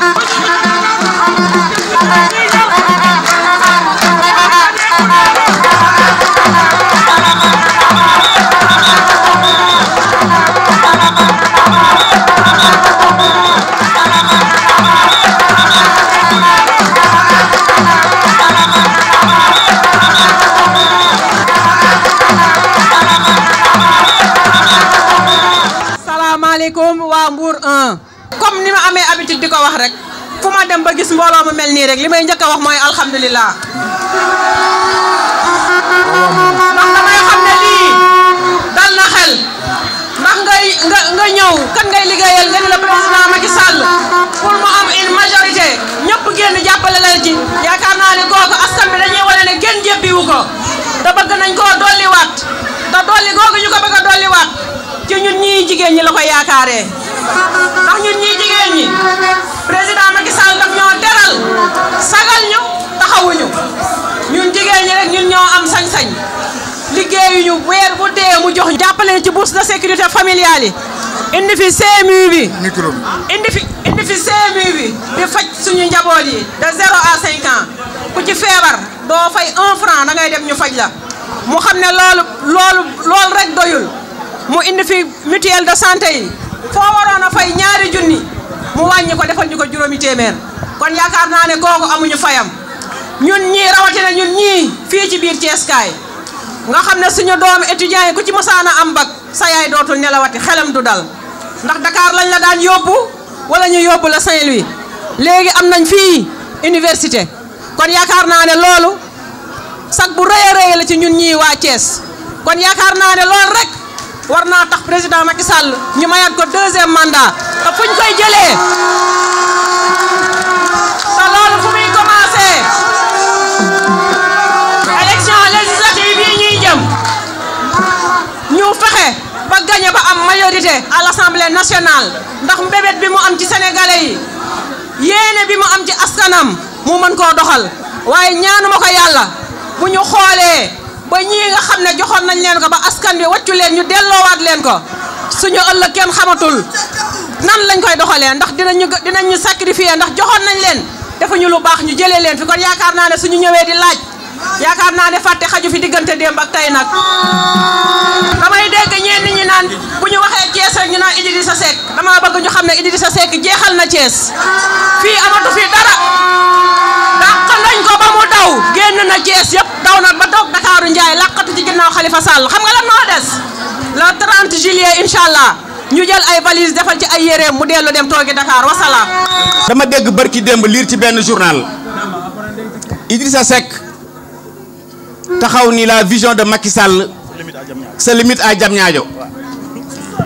Ha ha ha! a wax rek kuma dem ba gis mbolo mu melni rek limay may wax moy alhamdullilah ndax damay xam ne lii dal na xel ndax ngay nga nga ñëw kan ngay ligéyal nga ni la président Macky Sall pour mu am une majorité ñëpp genn jappalé la ci yaakaar na ne kooku askan bi dañuy wane ne kenn wu ko da bëgg nañ koo dolliwaat te dolli googu ñu ko bëgg doli dolliwaat ci ñun ñi jigéen ñi la ko yaakaaré ndax ñun ñii jigéen ñi président Macky daf ñoo teral sagal ñu taxawuñu ñun jigéen ñi rek ñun ñoo am sañ-sañ liggéeyuñu weer bu dee mu jox ñu. jàppale ci bourse de sécurité familiale yi. indi fi CMU bi. micro bi indi bi. di faj suñu njaboot yi. de zéro à cinq ku ci feebar doo fay un franc da ngay dem ñu faj la mu xam ne loolu loolu rek doyul mu indi fi mutuelle de santé yi. foo waroon a fay ñaari junni mu wàññi ko ñu ko juróomi téeméer kon yaakaar naa ne kooku amuñu fayam ñun ñii rawatina ñun ñii fii ci biir Thiès kaay nga xam ne suñu doom étudiants yi ku ci mësaan a am bac sa yaay dootul nelawati xelam du dal ndax Dakar lañ la daan yóbbu wala ñu yóbbu la Saint-Louis léegi am nañ fii université kon yaakaar naa ne loolu sag bu rëy a la ci ñun ñii waa cees kon yaakaar naa ne loolu rekk war naa tax président Macky Sall ñu mayaat ko deuxième mandat te koy jëlee te fu muy commencé élection législative yi ñuy jëm ñu fexe ba gagné ba am majorité à l'Assemblée nationale ndax mbébét bi mu am ci sénégalais yi yéene bi mu am ci askanam mu mën koo doxal waaye ñaanuma ko yàlla bu ñu xoolee. ba ñii nga xam ne joxoon nañ leen ko ba askan bi waccu leen ñu delloowaat leen ko suñu ëllëg kenn xamatul nan lañ koy doxalee ndax dinañu dinañu sacrifier ndax joxoon nañ leen defuñu lu baax ñu jëlee leen fi kon yaakaar naa ne suñu ñëwee di laaj yaakaar naa ne fàtte xaju fi diggante démb ak tey nag damay dégg ñeen nit ñi naan bu ñu waxee Thiès rek ñu naan Idrissa Seck damaa bëgg ñu xam ne Idrissa Seck jeexal na Thiès fii amatu fi dara génn na es yep daw na ba tok Dakaaru Ndiaye làqatu ci ginnaw Khalifa Sall xam nga lan moo des le 30 juillet inshallah allah ñu jël ay valise defal ci ay yere mu dellu dem togi Dakar wasalaam. dama deg barki demb lire ci ben journal Idrissa sek taxaw ni la vision de Macky Sall sa limite à Diamniadio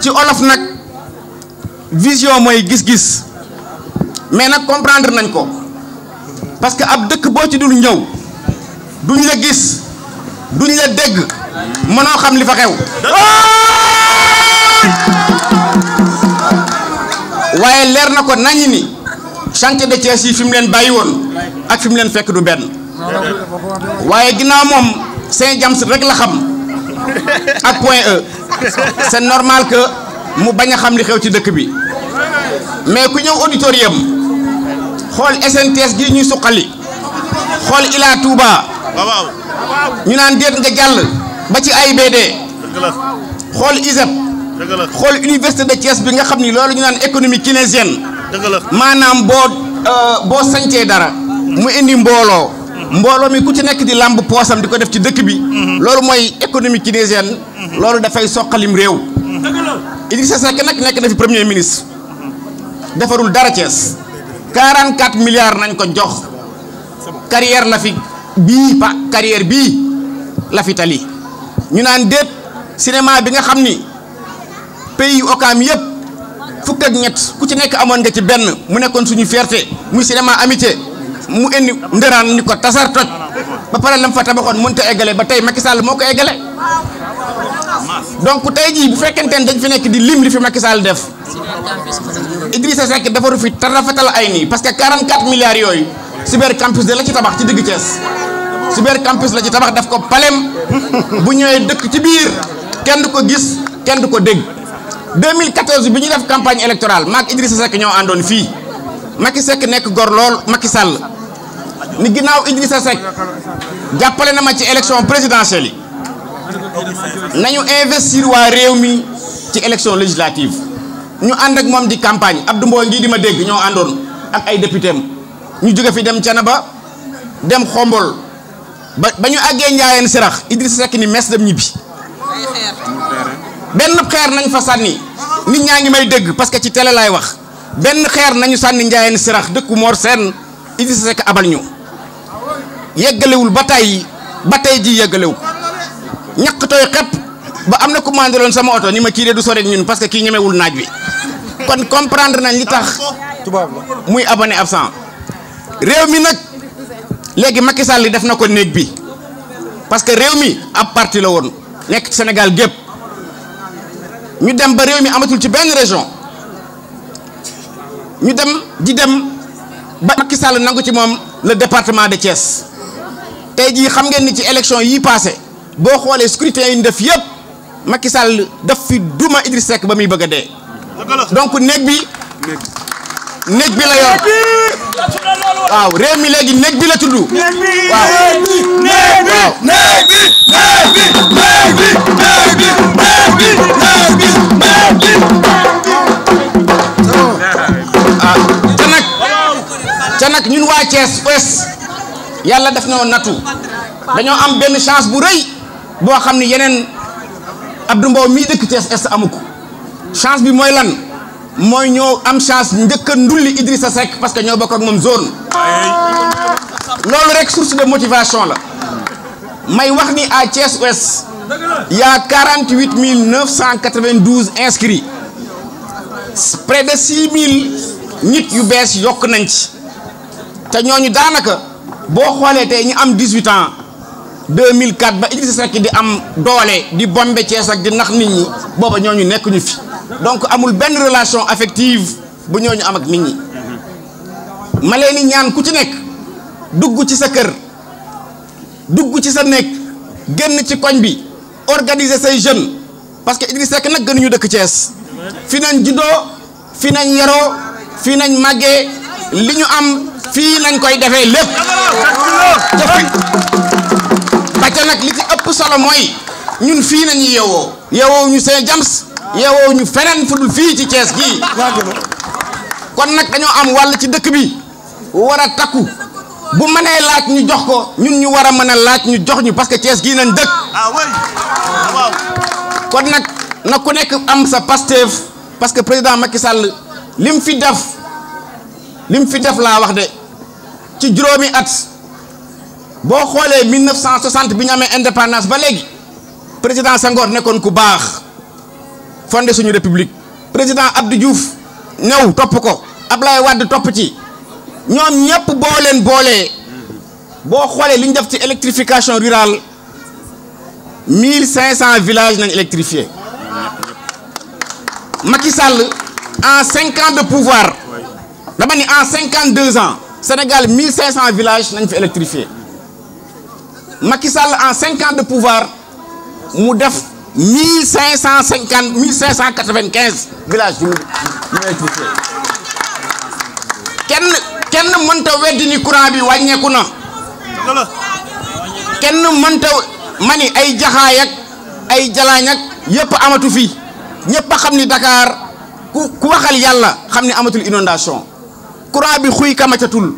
ci olof nak vision moy gis-gis mais nak comprendre nañ ko parce que ab deuk bo ci dul ñew duñ la gis duñ la dégg mënoo xam li fa xew waaye leer na ko nañ ni chantier de Thiès yi fi mu leen bàyyi woon ak fi mu leen fekk du benn waaye ginnaaw moom Saint James rek la xam ak point E c'est normal que mu bañ a xam li xew ci dëkk bi mais ku ñëw auditorium xool SNTS gi ñuy suqali xool Ila Touba ñu naan deet nga jall ba ci AIBD xol ISEP xol université de Thiès bi nga xamni lolu ñu naan économie kinésienne manam bo euh, bo santé dara mu indi mbolo mbolo mi ku ci nek di lamb posam diko def ci dekk bi mhm. lolu moy économie kinésienne mhm. lolu da fay soqalim rew mhm. Idrissa Seck nag nekk na fi premier ministre defarul dara Thiès 44 milliards nañ ko jox carrière la fi bi pa carrière bi la fi tali ñu naan deb cinéma bi nga xamni ni pays yu Ouakam yëpp fukk ak ñet ku ci nek amone nga ci ben mu nekkon suñu fierté muy cinéma amitié mu indi ndëraan ni ko tasar toj ba pare lam fa tabaxone mënut a égalé ba tay Macky Sall moko égalé donc tay ji bu fekkenten dañ fi nek di lim li fi Macky Sall def Idrissa Seck dafa ru fi tarafatal ay ni parce que 44 milliards yoy cyber campus de la ci tabax ci digg Thiès. Super campus la ci tabax daf ko palem bu ñëwee dëkk ci biir kenn duko gis kenn duko dégg 2014 biñu def campagne électorale mak Idrissa sek ñoo àndoon fi Macky sek nek gor lol Macky Sall ni ginaaw Idrissa sek jappalé na ma ci élection présidentielle nañu investir wa réew mi ci élection législative ñu and ak mom di campagne Abdou Mbow ngi di ma dégg ñoo àndoon ak ay député ñu jóge fi dem Thiénaba dem Xombol ba ba ñu àggee njaayeen sirax Idrissa Seck ni mes dem ñibbi benn xeer nañ fa sànni nit ñaa ngi may dégg parce que ci télé laay wax benn xeer nañu sànni njaayeen sirax dëkku seen Sène Idrissa Seck abal ñu yeggalewul ba tàyyi ba tey ji yeggalewu ñaq tooy xepp ba am na commandé loon sama oto ni ma kii de du soreeg ñun parce que kii ñemewul naaj wi kon comprendre nañ li tax muy abonné absent réew mi nag léegi Macky Sall def bi parce que Réumi a parti la nek Sénégal gep ñu dem ba rewmi amatul ci région ñu dem di dem ba Macky le département de Thiès tay ji xam ngeen ni ci élection yi passé bo xolé scrutin def Macky Sall fi duma Idriss Seck ba donc néeg bi la yor waaw réew mi léegi néeg bi la tudd waaw néeg bi néeg bi néeg bi néeg bi néeg bi néeg bi néeg bi néeg bi ah te nag te nag ñun waa Thiès Ouest yàlla def na woon nattu dañoo am benn chance bu rëy boo xam ni yeneen Abdou Mbow mii dëkk Thiès Est amu ko chance bi mooy lan moy ñoo am chance de ndulli Idrissa Seck parce que ñoo bokk ak mom zone lolu rek source de motivation la may wax ni à Thiès Ouest y a 48 992 inscrits près de 6 000 nit yu bees yok nañ ci te ñooñu danaka bo xolé té am 18 ans 2004 ba Idrissa Seck di am doolé di bombé Thiès ak di nax nit ñi nekk ñu fi. donc amul benn relation affective bu ñu am ak nit ñi ma leen ñaan ku ci nekk dugg ci sa kër dugg ci sa nekk génn ci koñ bi organiser say jeunes parce que Idrissa Seck nag gënuñu dëkk Thiès fi nañ juddoo fi nañ yaroo fi nañ màggee li ñu am fii nañ koy defee lépp ba nag li ci ëpp solo mooy ñun fii nañuy yeewoo yeewoo ñu Saint James yeewoo ñu feneen fu fii ci Thiès gii kon nag dañoo am wàll ci dëkk bi war a takku bu mënee laaj ñu jox ko ñun ñu war a mën a laaj ñu jox ñu parce que Thiès gii nañ dëkk ah, kon nag nag ku nekk am sa Pastef parce que président Macky Sall lim fi def lim fi def laa wax de ci juróomi at boo xoolee 1960 bi ñu amee indépendance ba léegi président Senghor nekkoon ku baax fondé suñu république président abdou diouf ñew top ko ablaye wad top ci ñom ñep bo len les, bo xolé liñ def ci électrification rurale 1500 villages nañ électrifiés. Macky en 5 ans de pouvoir en 52 ans Sénégal 1500 villages électrifiés. fi Macky en 5 ans de pouvoir mu 1550 1595 villages yu multiplié kenn kenn mënta weddi ni courant bi wañé ko na kenn mënta mani ay jaxay ak ay jalañ ak yépp amatu fi ñëpp xamni Dakar ku ku waxal yalla xamni ni amatul inondation courant bi xuy kamacatul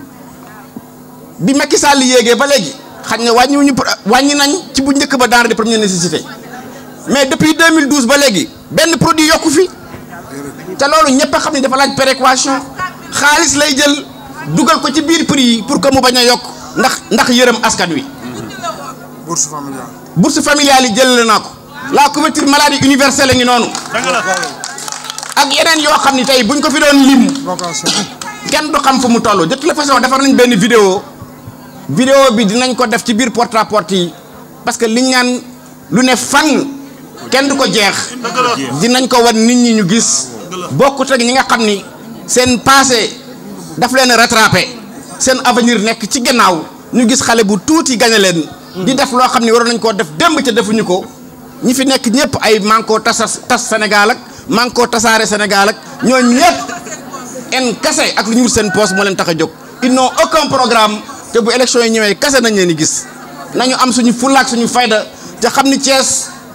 bi Macky Sall yéegee ba léegi xañ wañu ñu wañi nañ ci bu ñëk ba denrée de première nécessité mais depuis 2012 ba légui ben produit yokou fi té lolu ñepp a xam ne dafa laaj péréquation xaalis lay jël duggal ko ci biir prix pour que mu baña a ndax ndax yërëm askan wi. bourse familiale. bourse familiale jël la nako la couverture maladie universelle ngi nonu ak yenen yo xamni tay buñ ko fi doon lim. kenn du xam fu mu tollu de toute façon defar nañ ben vidéo vidéo bi dinañ ko def ci biir porte à porte yi parce que liñ naan lu ne fan kenn duko jeex dinañ ko wan nit ñi ñu gis bokkut ak ñi nga xamni sen seen passé daf leen rattraper seen avenir nek ci gannaaw ñu gis xalé bu tuti leen di def lo xamni ni nañ ko def demb ci defuñu ko ñi fi nek ñepp ay manko tas tass Sénégal ak manko tassare Sénégal ak ñoo ñepp en kase ak lu ñu seen poste mo leen taxa jog ils n'ont aucun programme te bu élection yi ñëwé kase nañ leen gis nañu am suñu fulak suñu fayda te xamni ni Thiès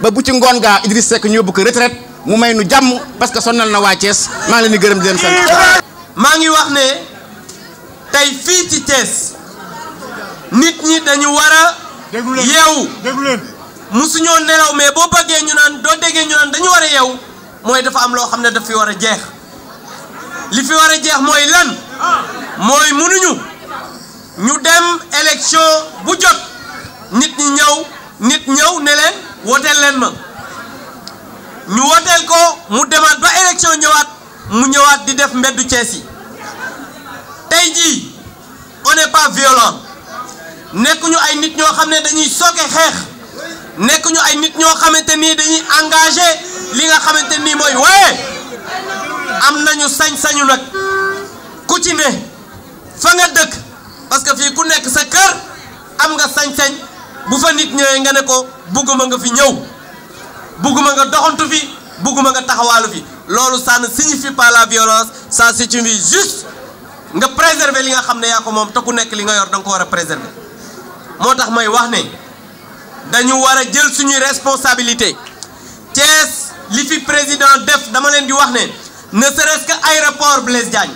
ba bu ci ngoon ga Idriss sek ñu yóbbu ko retraite mu may ñu jamm parce que sonnal na waccès ma ngi gërëm di leen sant. ngi wax ne tay fi ci Thiès nit ñi dañu wara yew mu suñu nelaw mais bo bëggee ñu naan do déggé ñu naan dañu wara yew moy dafa am lo xam dafa fi wara jeex li fi wara jeex lan moy munuñu ñu dem élection bu jot nit ñi ñew nit ñew ne leen. wooteel leen ma ñu wooteel ko mu demaat ba élection ñëwaat mu ñëwaat di def mbeddu Thiès yi tey jii on n'est violent nekkuñu ay nit ñoo xam ne dañuy sooke xeex nekkuñu ay nit ñoo xamante nii dañuy engagé li nga xamante nii mooy waaye am nañu sañ-sañu nag ku ci ne fa nga dëkk parce que fii ku nekk sa kër am nga sañ-sañ bu fa nit ñëwee nga ne ko buguma nga fi ñew buguma nga doxantu fi buguma nga taxawalu fi lolu ça ne signifie pas la violence ça vie juste nga préserver li nga xam ya ko mom te ku nekk li nga yor dang ko wara préserver motax may wax ne dañu wara jël suñu responsabilité ties li fi président def dama len di wax ne ne serait-ce que aéroport Blaise Diagne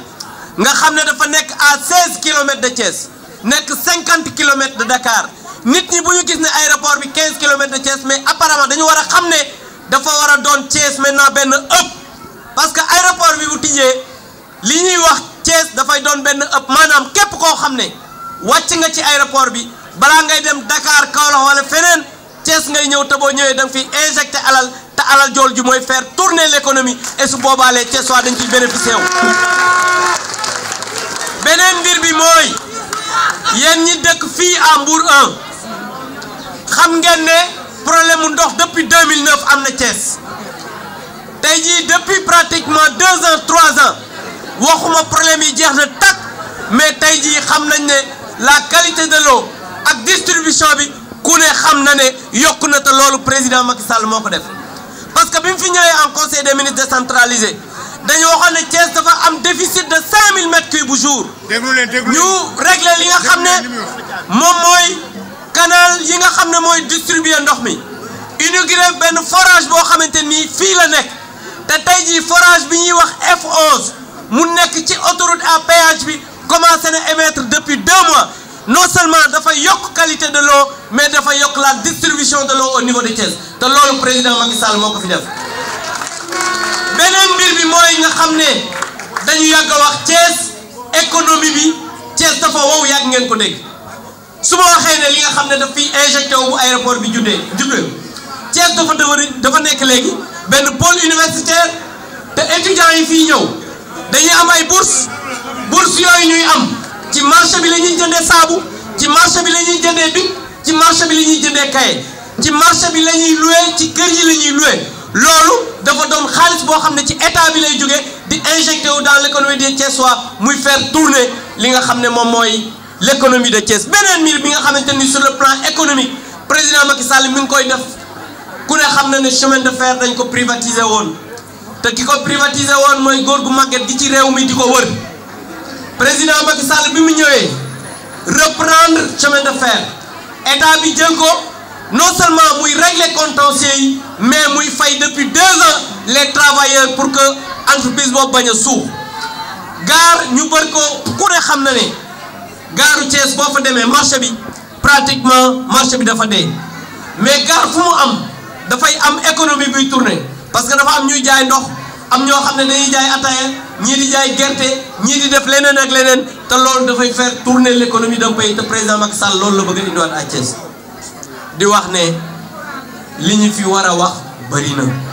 nga xam dafa nek à 16 km de ties nek 50 km de Dakar nit ñi bu ñu gis ne aéroport bi 15 kilomètres de Thiès mais apparemment dañu war a xam ne dafa war a doon Thiès maintenant benn ëpp parce que aéroport bi bu tijjee li ñuy wax Thiès dafay doon benn ëpp maanaam képp koo xam ne wàcc nga ci aéroport bi balaa ngay dem Dakar Kaolack wala feneen cees ngay ñëw te boo ñëwee da fi fiy alal te alal jool ju mooy faire tourner l' économie et su boobaalee Thiès waa dañu ciy bénéficié wu. beneen mbir bi mooy yéen ñi dëkk fii à Mbour 1. xam ngeen le problème mu depuis 2009 am Thiès depuis pratiquement 2 ans 3 ans waxuma problème yi jeex na takk mais tey xam nañ la qualité de l'eau ak distribution bi l'eau, ne xam na ne yokku na te président Macky Sall def parce que bi mu fi ñëwee en conseil des ministres décentralisé dañu waxoon ne Thiès dafa am déficit de 5000 m3 par jour. Nous leen déglu ñu réglé li nga xam ne moom canal yi nga xam ne mooy distribuer ndox mi inauguré benn forage boo xamante nii fii la nekk te tey jii forage bi ñuy wax F11 mu nekk ci autoroute à péage bi commencé na émettre depuis deux moi non seulement dafa yokk qualité de l'eau mais dafa yokk la distribution de l'eau au niveau de Thiès te loolu président Macky Sall moo ko fi def beneen mbir bi mooy nga xam ne dañu yàgg a wax Thiès économie bi Thiès dafa wow yàgg ngeen ko dégg. su ma waxee ne li nga xam ne daf fiy injecté wu bu aéroport bi juddee juddee Thiès dafa dafa nekk léegi benn pôle universitaire te étudiants yi fii ñëw dañuy am ay bourse bourse yooyu ñuy am ci marché bi la ñuy jëndee saabu ci marché bi la ñuy jëndee bic ci marché bi la ñuy kaye ci marché bi la ñuy loué ci kër yi la ñuy loué loolu dafa doon xaalis boo xam ne ci état bi lay jóge di injecté wu dans l' économie des Thiessois muy faire tourner li nga xam ne moom mooy. l'économie de Thiès Benen mil bi nga xamante sur le plan économique président Macky Sall mi ngi koy neuf, ku ne chemin de fer dañ ko privatiser woon te qu'on privatise privatiser moi mooy góor gu màgget gi ci réew mi président Macky Sall bi mu ñëwee reprendre chemin de fer état bi jël ko non seulement muy régler contentieux mais muy fay depuis deux ans les travailleurs pour que entreprise boobu bañ a Gare nous ñu bër ko de ne gaaru Thiès boo fa demee marché bi pratiquement marché bi dafa dee mais gaar fu mu am dafay am économie buy tourner parce que dafa am ñuy jaay ndox am ñoo xam ne dañuy jaay ataaya ñii di jaay gerte ñii di def leneen ak leneen te loolu dafay faire tourner l' économie d'un pays président Macky Sall loolu la bëgg a indiwaat à di wax ne li ñu fi war a wax bëri na.